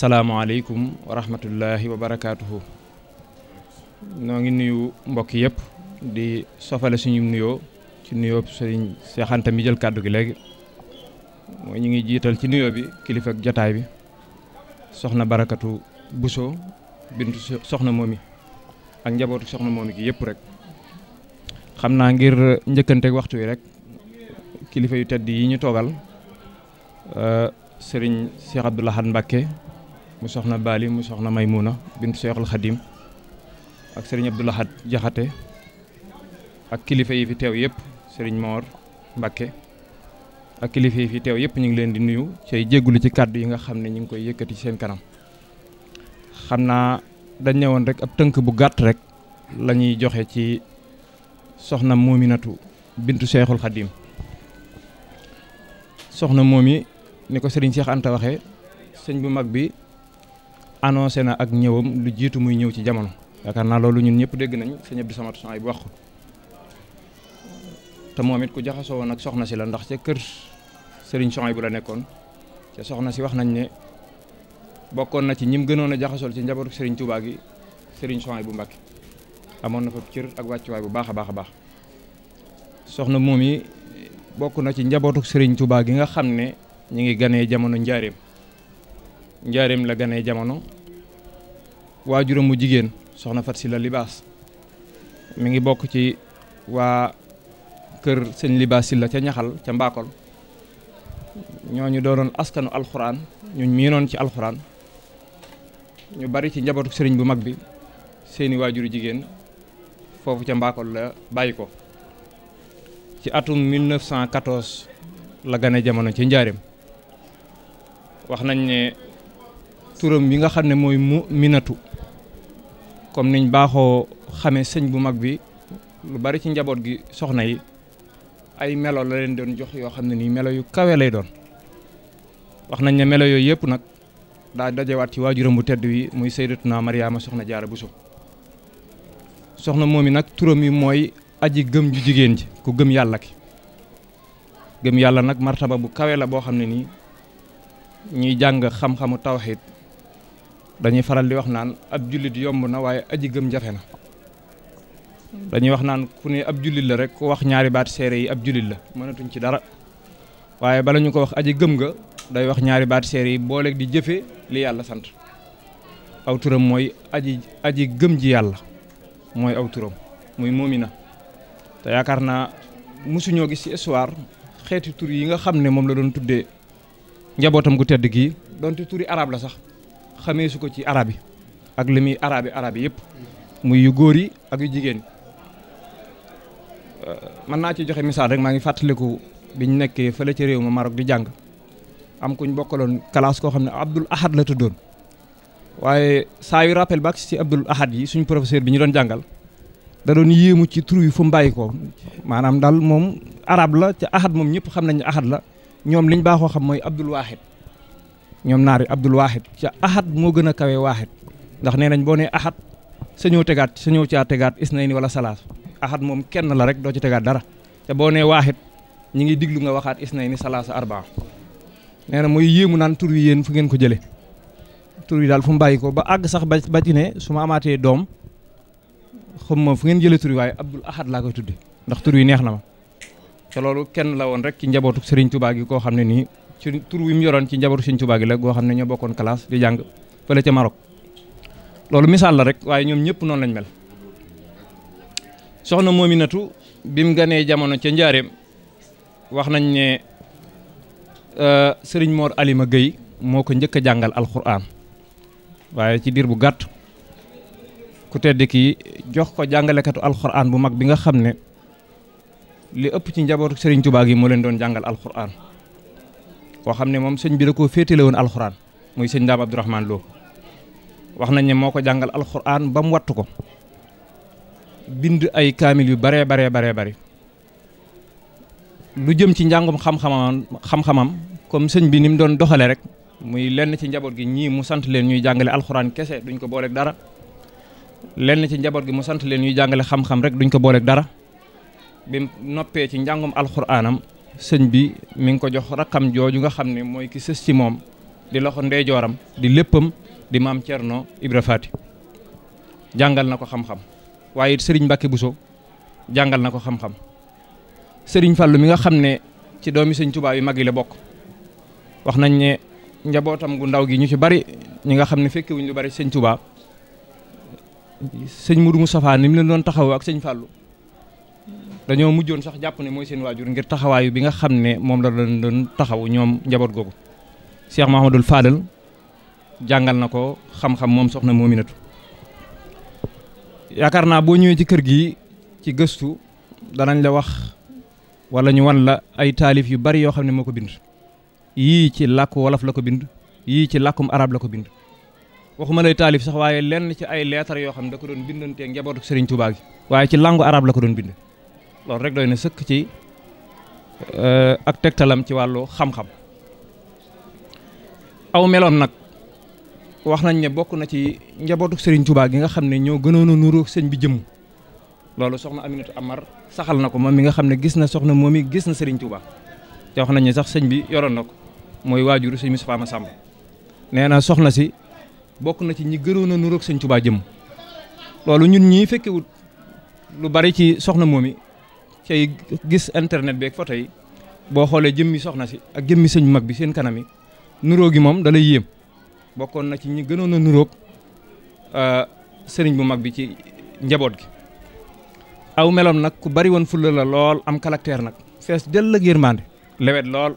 asalaamualeykum wa rahmatullahi wa barakaatuhu noo ngi nuyu mbokk yëpp di sofale suñu nuyoo ci nuyoo sëriñ Cheikh Anta mi jël kàddu gi léegi mooy ñu ngi jiital ci nuyoo bi kilifa ak jotaay bi soxna barakatu Bousso bintu soxna moomi ak njabootu soxna moomi gi yëpp rek xam naa ngir njëkkante waxtu wi rek kilifa yu tedd yi ñu toogal sëriñ Cheikh Abdoul Ahad Mbacké mu soxna Bali mu soxna Maymuna bintu Seexul Xadim ak sëriñ Abdou Lahad Jaxate ak kilifa yi fi teew yëpp sëriñ Moor Mbakke ak kilifa yi fi teew yëpp ñu ngi leen di nuyu cay jéggulu ci kàddu yi nga xam ne ñu ngi koy yëkkati ci seen kanam xam naa dañ ne woon rek ab tënk bu gàtt rek la ñuy joxe ci soxna Moominatu bintu Seexul Xadim soxna moom ni ko sëriñ Seex Anta waxee sëñ bu mag bi annoncé na ak ñëwam lu jiitu muy ñëw ci jamono yaakaar naa loolu ñun ñëpp dégg nañ sëñ Abdou Samad Soxna bu wax te moom it ku jaxasoo woon ak soxna si la ndax ca kër Serigne Soxna bu la nekkoon ca soxna si wax nañ ne bokkoon na ci ñim gënoon a jaxasool ci njabootu sëriñ Touba gi Serigne Soxna bu Mbàkke amoon na fa cër ak wàccuwaay bu baax a baax a baax soxna moom yi bokk na ci njabootu Serigne Touba gi nga xam ne ñu ngi ganee jamono njaareem. njaareem la ganee jamono waajuram mu jigéen soxna Fat Sylla Libaas mi ngi bokk ci waa kër sëñ Libaas la ca ñaxal ca mbaakol ñooñu doonoon askanu alxuraan ñun miinoon ci alxuraan ñu bari ci njabootu sëriñ bu mag bi seeni waajuru jigéen foofu ca mbaakol la bàyyi ko ci atum 1914 la gane jamono ci njaareem wax nañ ne turam bi nga xam ne mooy mu minatu comme niñ baaxoo xamee sëñ bu mag bi lu bari ci njaboot gi soxna yi ay melo la leen doon jox yoo xam ne nii melo yu kawe lay doon wax nañ ne melo yooyu yëpp nag daa dajewaat ci waajuram bu tedd wi muy Sayyidatuna Mariama soxna Jaara so soxna moom mi nag turam yi mooy aji gëm ju jigéen ji ku gëm yàlla ki gëm yàlla nag martaba bu kawe la boo xam ne nii ñuy jàng xam-xamu tawxiid dañuy faral di wax naan ab jullit yomb na waaye aji gëm jafe na dañuy wax naan ku ne ab jullit la rek ku wax ñaari baati seere yi ab jullit la mënatuñ ci dara waaye bala ñu ko wax aji gëm nga day wax ñaari baati seere yi booleeg di jëfe li yàlla sant aw turam mooy aji aji gëm ji yàlla mooy aw turam muy na te yaakaar naa mosuñoo gis ci histoire xeeti turi yi nga xam ne moom la doon tuddee njabootam gu tedd gii donte turi arab la sax xamee su ko ci arab yi ak li muy arab yi arab yi yëpp muy yu góor yi ak yu jigéen euh, mën naa ci joxe misaal rek maa ngi fàttaliku bi biñ nekkee fële ci réew ma Maroc di jàng am kuñ bokkaloon classe koo xam ne Abdul Ahad la tuddoon waaye saa yu rappel ba ci Abdul Ahad yi suñu professeur bi ñu doon jàngal da doon yéemu ci tur yi fu mu bàyyi ko maanaam daal moom arab la ca ahad moom ñëpp xam nañ ne ahad la ñoom liñ baaxoo xam mooy Abdul Wahid ñoom naar yi abdul waaxid ca ahad moo gën a kawe waaxid ndax nee nañ boo nee ahad sañoo tegaat sañoo caa tegaat isnayni wala salaas ahad moom kenn la rek doo ci tegaat dara te boo nee waaxit ñi ngi diglu nga waxaat isnayni salaasa arbaa nee na muy yéemu naan tur wi yéen fu ngeen ko jëlee tur daal fu mu bàyyi ko ba àgg sax ba ci ne su ma amaatee doom xam ma fu ngeen jëlee turi waaye abdul ahad laa koy tuddi ndax tur wi neex na ma te loolu kenn la woon rek ci njabootu Serigne Touba gi koo xam ne nii ci tur wi mu yoroon ci njabaru Sëñ Tuubaa gi la goo xam ne ñoo bokkoon classe di jàng fële ca Maroc loolu misaal la rek waaye ñoom ñëpp noonu lañ mel soxna Moominatu bim ganee jamono ci njaareem wax nañ ne euh, sëriñ Mor Alima géy moo ko njëkk a jàngal alxuraan waaye ci diir bu gàtt ku tedd kii jox ko jàngalekatu alxuraan bu mag bi nga xam ne li ëpp ci njabootu sëriñ Tuubaa gi moo leen doon jàngal alxuraan koo xam ne moom sëñ bi da koo féetale woon alxuraan muy sëñ Ndaam Abdourahmane Lo wax nañ ne moo ko jàngal alxuraan ba mu wattu ko bind ay kaamil yu baree baree baree bari lu jëm ci njàngum xam-xamam xam-xamam comme sëñ bi ni mu doon doxale rek muy lenn ci njaboot gi ñii mu sant leen ñuy jàngale alxuraan kese duñ ko booleeg dara lenn ci njaboot gi mu sant leen ñuy jàngale xam-xam rek duñ ko booleeg dara bi noppee ci njàngum alxuraanam sëñ bi mi ngi ko jox rakkam jooju nga xam ne mooy ki sës ci moom di loxo ndeyjooram di léppam di maam Thierno Ibra Faty jàngal na ko xam-xam waaye sëriñ bu Bousso jàngal na ko xam-xam sëriñ Fallou mi nga xam ne ci doomi sëñ Touba yu mag yi la bokk wax nañ ne njabootam gu ndaw gi ñu ci bari ñi nga xam ne fekkewuñ lu bari sëñ Touba sëñ Mourou Moustapha ni mu leen doon taxaw ak sëñ Fallou dañoo mujjoon sax jàpp ne mooy seen waajur ngir taxawaayu bi nga xam ne moom la doon doon taxaw ñoom njaboot googu Cheikh Mahamadul Fadal jàngal na ko xam-xam moom soxna Moominatu yaakaar naa boo ñëwee ci kër gi ci gëstu danañ la wax walla ñu wan la ay taalif yu bari yoo xam ne moo ko bind yii ci làkku wolof la ko bind yii ci làkkum arab la ko bind waxuma lay taalif sax waaye lenn ci ay leetar yoo xam ne da ko doon bindanteeg njabootu Serigne Touba gi waaye ci langue arab la ko doon bind loolu rek doy na sëkk ci euh, ak tegtalam ci wàllu xam-xam aw meloon nag wax nañ ne bokk na ci njabootu sëriñ tubaa gi nga xam ne ñoo gënoon a sëñ bi jëmm loolu soxna Aminatu Amar saxal na ko moom mi nga xam ne gis na soxna moom mi gis na Serigne Touba te wax nañ ne sax sëñ bi yoroon na ko mooy waajuru sëñ Moustapha Massamba nee na soxna si bokk na ci ñi gënoon a nuróog sëñ Touba jëmm loolu ñun ñii fekkewut lu bari ci soxna moom cay gis internet bi ak photo yi boo xoolee jëmmi soxna si ak jëmmi sëñ mag bi seen kanam yi gi moom da yéem bokkoon na ci ñi gënoon a nuróog euh, sëriñ bu mag bi ci njaboot gi. aw meloom nag ku bari woon fulla la lool am caractère nag fees dell ak yërmande lewet lool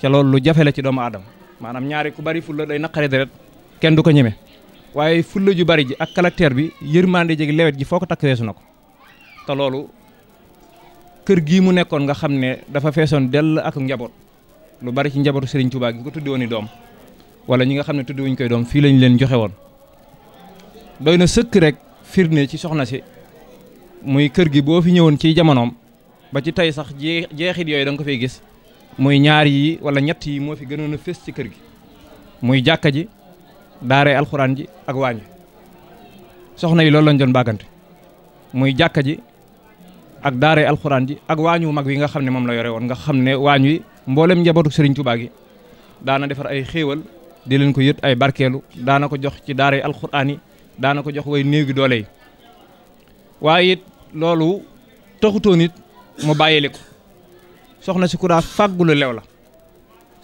ca loolu lu jafe la ci doomu aadama maanaam ñaari ku bari fulla day naqare deret kenn du ko ñeme waaye fulla ju bari ji ak caractère bi yërmande jegi lewet ji foo ko takk weesu na ko kër gii mu nekkoon nga xam ne dafa feesoon dell ak njaboot lu bari ci njabootu Serigne Touba gi ko tuddi woon i doom wala ñi nga xam ne tuddi wuñ koy doom fii lañ leen joxe woon doy na sëkk rek firnde ci soxna si muy kër gi boo fi ñëwoon ci jamonoom ba ci tey sax jeexit yooyu da ko fay gis muy ñaar yii wala ñett yi moo fi gënoon a fés ci kër gi muy jàkka ji daaree alxuraan ji ak waañ soxna yi loolu lañ doon bàggante muy jàkka ji ak daaree alxuraan ji ak waañu mag wi nga xam ne moom la yore woon nga xam ne waañ wi mboolem njabootu Serigne Touba gi daana defar ay xéewal di leen ko yët ay barkeelu daana ko jox ci daaree alxuraan daana ko jox way néew doole yi waaye it loolu taxutoon it mu bàyyi bàyyile ko soxna si kuraa fàggulu lew la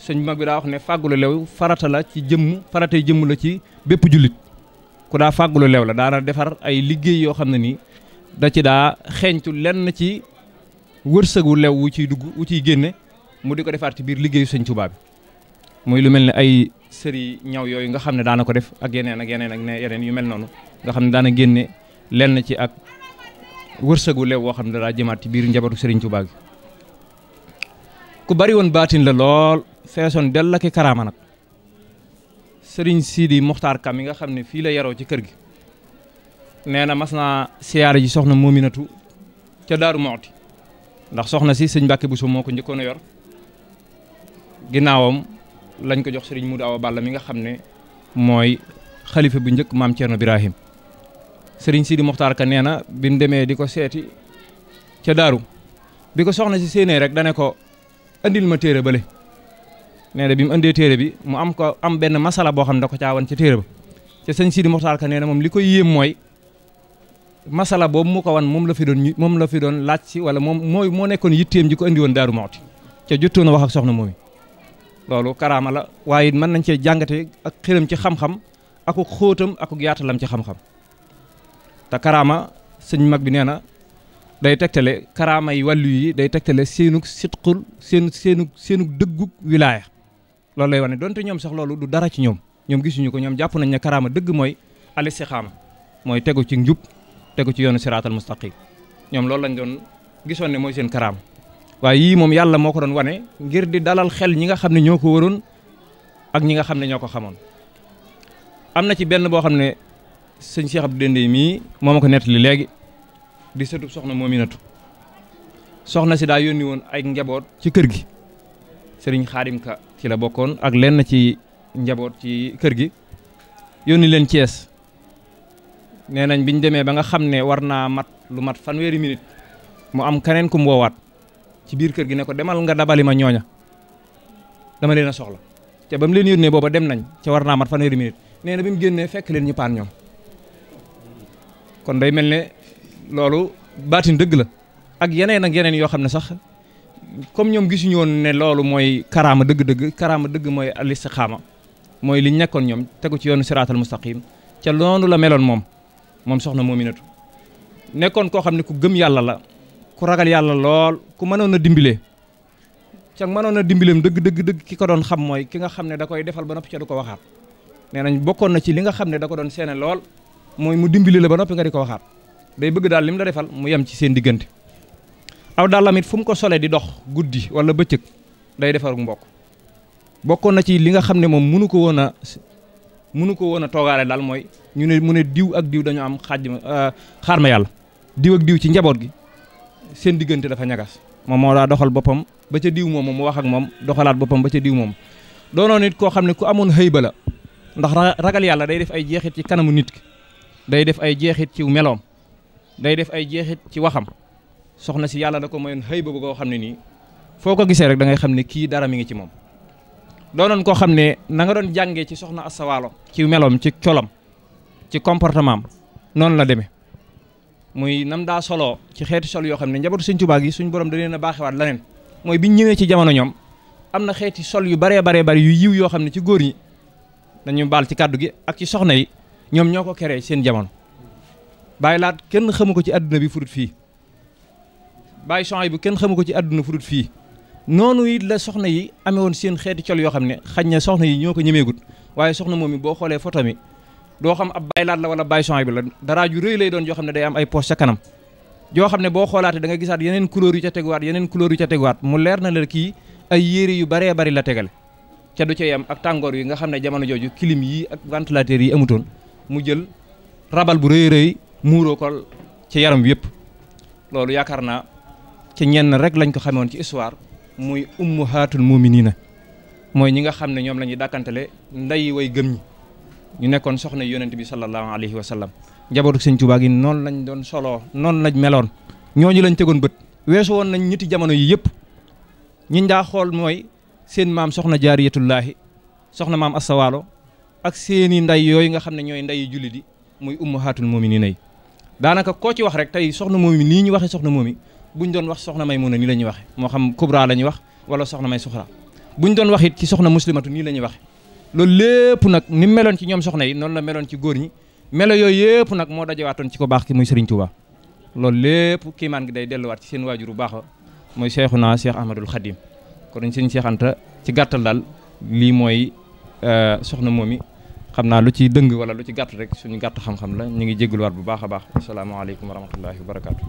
sëñ mag bi daa wax ne fàggulu lew farata la ci jëmm faratay jëmm la ci bépp jullit ku daa fàggulu lew la daana defar ay liggéey yoo xam ne nii da ci daa xeeñtu lenn ci wërsëgu lew wu ciy dugg wu ciy génne mu di ko defaat ci biir liggéeyu sëñ Tuubaa bi muy lu mel ni ay sëri ñaw yooyu nga xam ne daana ko def ak yeneen ak yeneen ak ne yeneen yu mel noonu nga xam ne daana génne lenn ci ak wërsëgu lew woo xam ne daa jëmaat ci biir njabootu sëriñ Tuubaa gi ku bari woon baatin la lool feesoon dell ak i karaama nag sëriñ Sidi Moxtaar Kam mi nga xam ne fii la yaroo ci kër gi nee na mas naa siyaare ji soxna Moominatu ca Daaru Moxti ndax soxna si sëñ Mbàkke Buso moo ko njëkkoon yor ginnaawam lañ ko jox sëriñ Mudu Awa Balla mi nga xam ne mooy xalifa bu njëkk maam Ceerno Birahim sëriñ Sidi Moxtaar Ka nee na bi mu demee di ko seeti ca Daaru bi ko soxna si séenee rek dane ko andil ma téere bale nee na bi mu indee téere bi mu am ko am benn masala boo xam ne da ko caawan ca téere ba ca sëñ Sidi Moxtaar Ka nee moom li koy masala boobu mu ko wan moom la fi doon moom la fi doon laaj si wala moom mooy moo nekkoon yitteem ji ko indi woon daaru mooti ca jottoon a wax ak soxna moomi loolu karaama la waaye mën nañ cee jàngate ak xëram ci xam-xam aku xóotam aku yaatalam ci xam-xam te karaama sëñ mag bi nee na day tegtale karaama yi wàllu yi day tegtale seenug sitqul seen seenug seenug dëggug wilaaya loolu lay wane donte ñoom sox loolu du dara ci ñoom ñoom gisuñu ko ñoom jàpp nañ ne karaama dëgg mooy al istixaama mooy tegu ci njub tegu ci yoonu siraatal mustaqim ñoom loolu lañ doon gisoon ne mooy seen karaam waaye yii moom yàlla moo ko doon wane ngir di dalal xel ñi nga xam ne ñoo ko waroon ak ñi nga xam ne ñoo ko xamoon am na ci benn boo xam ne sëñ Cheikh dënde Dende mii moom ma ko nettali léegi di sëtub soxna Moominatu soxna si daa yónni woon ay njaboot ci kër gi sëriñ Xaadim Ka ci la bokkoon ak lenn ci njaboot ci kër gi yónni leen Cees nee nañ bi ñu demee ba nga xam ne war naa mat lu mat fanweeri minute mu am keneen ku mu ci biir kër gi ne ko demal nga dabali ma ñooña dama leen a soxla te ba mu leen yónnee booba dem nañ ca war naa mat fanweeri minute nee na bi mu génnee fekk leen ñu paan ñoom kon day mel ne loolu baatin dëgg la ak yeneen ak yeneen yoo xam ne sax comme ñoom gisuñu woon ne loolu mooy karaama dëgg-dëgg karaama dëgg mooy al istiqaama mooy li ñu nekkoon ñoom tegu ci yoonu siraatal mustaqim ca loolu la meloon moom moom soxna Mominatou nekkoon koo xam ne ku gëm yàlla la ku ragal yàlla lool ku mënoon a dimbile ca manoon a dimbileem dëgg dëgg dëgg ki ko doon xam mooy ki nga xam ne da koy defal ba noppi ca du ko waxaat nee nañ bokkoon na ci li nga xam ne da ko doon seene lool mooy mu dimbile la ba noppi nga di ko waxaat day bëgg daal lim da defal mu yem ci seen diggante aw dàllam it fu mu ko solee di dox guddi wala bëccëg day defar mbokk bokkoon na ci li nga xam ne moom munu ko woon a munu ko woon a toogaale daal mooy ñu ne mu ne diw ak diw dañu am xaaj euh, xaar ma yàlla diw ak diw ci njaboot gi seen diggante dafa ñagas moom moo daa doxal boppam ba ca diw moom mu wax ak moom doxalaat boppam ba ca diw moom doonoon koo xam ne ku amoon xëyba la ndax ragal yàlla day def ay jeexit ci kanamu nit day def ay jeexit ci meloom day def ay jeexit ci waxam soxna si yàlla da ko mayoon xëyba ba koo xam ne nii foo ko gisee rek da xam ne kii dara mi ngi ci moom doonoon koo xam ne na nga doon jàngee ci soxna asawaalo ci meloom ci colam ci comportement noonu la demee mooy nam daa soloo ci xeeti sol yoo xam ne njabootu Sëñ Tuubaa gi suñ borom da leen a baaxewaat leneen mooy biñ ñëwee ci jamono ñoom am na xeeti sol yu baree baree bari yu yiw yoo xam ne ci góor ñi dañu baal ci kàddu gi ak ci soxna yi ñoom ñoo ko keree seen jamono bàyyi laat kenn xamu ko ci àdduna bi furut fii bàyyi soxna bu kenn xamu ko ci àdduna furut fii noonu it la soxna yi amee woon seen xeeti col yoo xam ne xañ na soxna yi ñoo ko ñemeegut waaye soxna moom mi boo xoolee photo mi doo xam ab baylaat la wala bay son bi la dara ju rëy lay doon yoo xam ne day am ay poche ca kanam yoo xam ne boo xoolaatee danga nga gisaat yeneen couleur yu ca teguwaat yeneen couleur yu ca teguwaat mu leer na la kii ay yére yu baree bari la tegal ca du ca yem ak tàngoor yi nga xam ne jamono jooju clim yi ak ventilateur yi amutoon mu jël rabal bu rëy rëy muuroo ko ci yaram yëpp loolu yaakaar naa ci ñenn rek lañ ko xamewoon ci histoire muy ummuhaatul muminina mooy ñi nga xam ne ñoom la ñuy dàkkantele nday way gëm ñi ñu nekkoon soxna yonent bi sallallahu alayhi wa sallam njabootu sëñ Tuubaa gi noon lañ doon solo noonu lañ meloon ñooñu lañ tegoon bët weesu woon nañ ñetti jamono yi yëpp ñiñ daa xool mooy seen maam soxna jaariyatullaahi soxna maam asawaalo ak seeni nday yooyu nga xam ne ñooy nday jullit yi muy ummahatul muminina yi daanaka koo ci wax rek tey soxna moomi nii ñu waxee soxna moomi ñu doon wax soxna may mun a nii la ñuy waxe moo xam kubra la ñuy wax wala soxna may suxra doon wax ci soxna muslimatu nii la ñuy waxe loolu lépp nag ni mu meloon ci ñoom soxna yi noonu la meloon ci góor ñi melo yooyu yëpp nag moo dajewaatoon ci ko baax ki muy Serigne Touba loolu lépp kiimaan gi day delluwaat ci seen waajur bu baax mooy Cheikhuna Cheikh Ahmadul Khadim kon Serigne Cheikh Anta ci gàttal daal lii mooy euh, soxna moom yi xam naa lu ci dëng wala lu ci gàtt rek suñu gàtt xam-xam la ñu ngi jégaluwaat bu baax a baax asalaamaaleykum wa rahmatullahi wa barakaatu.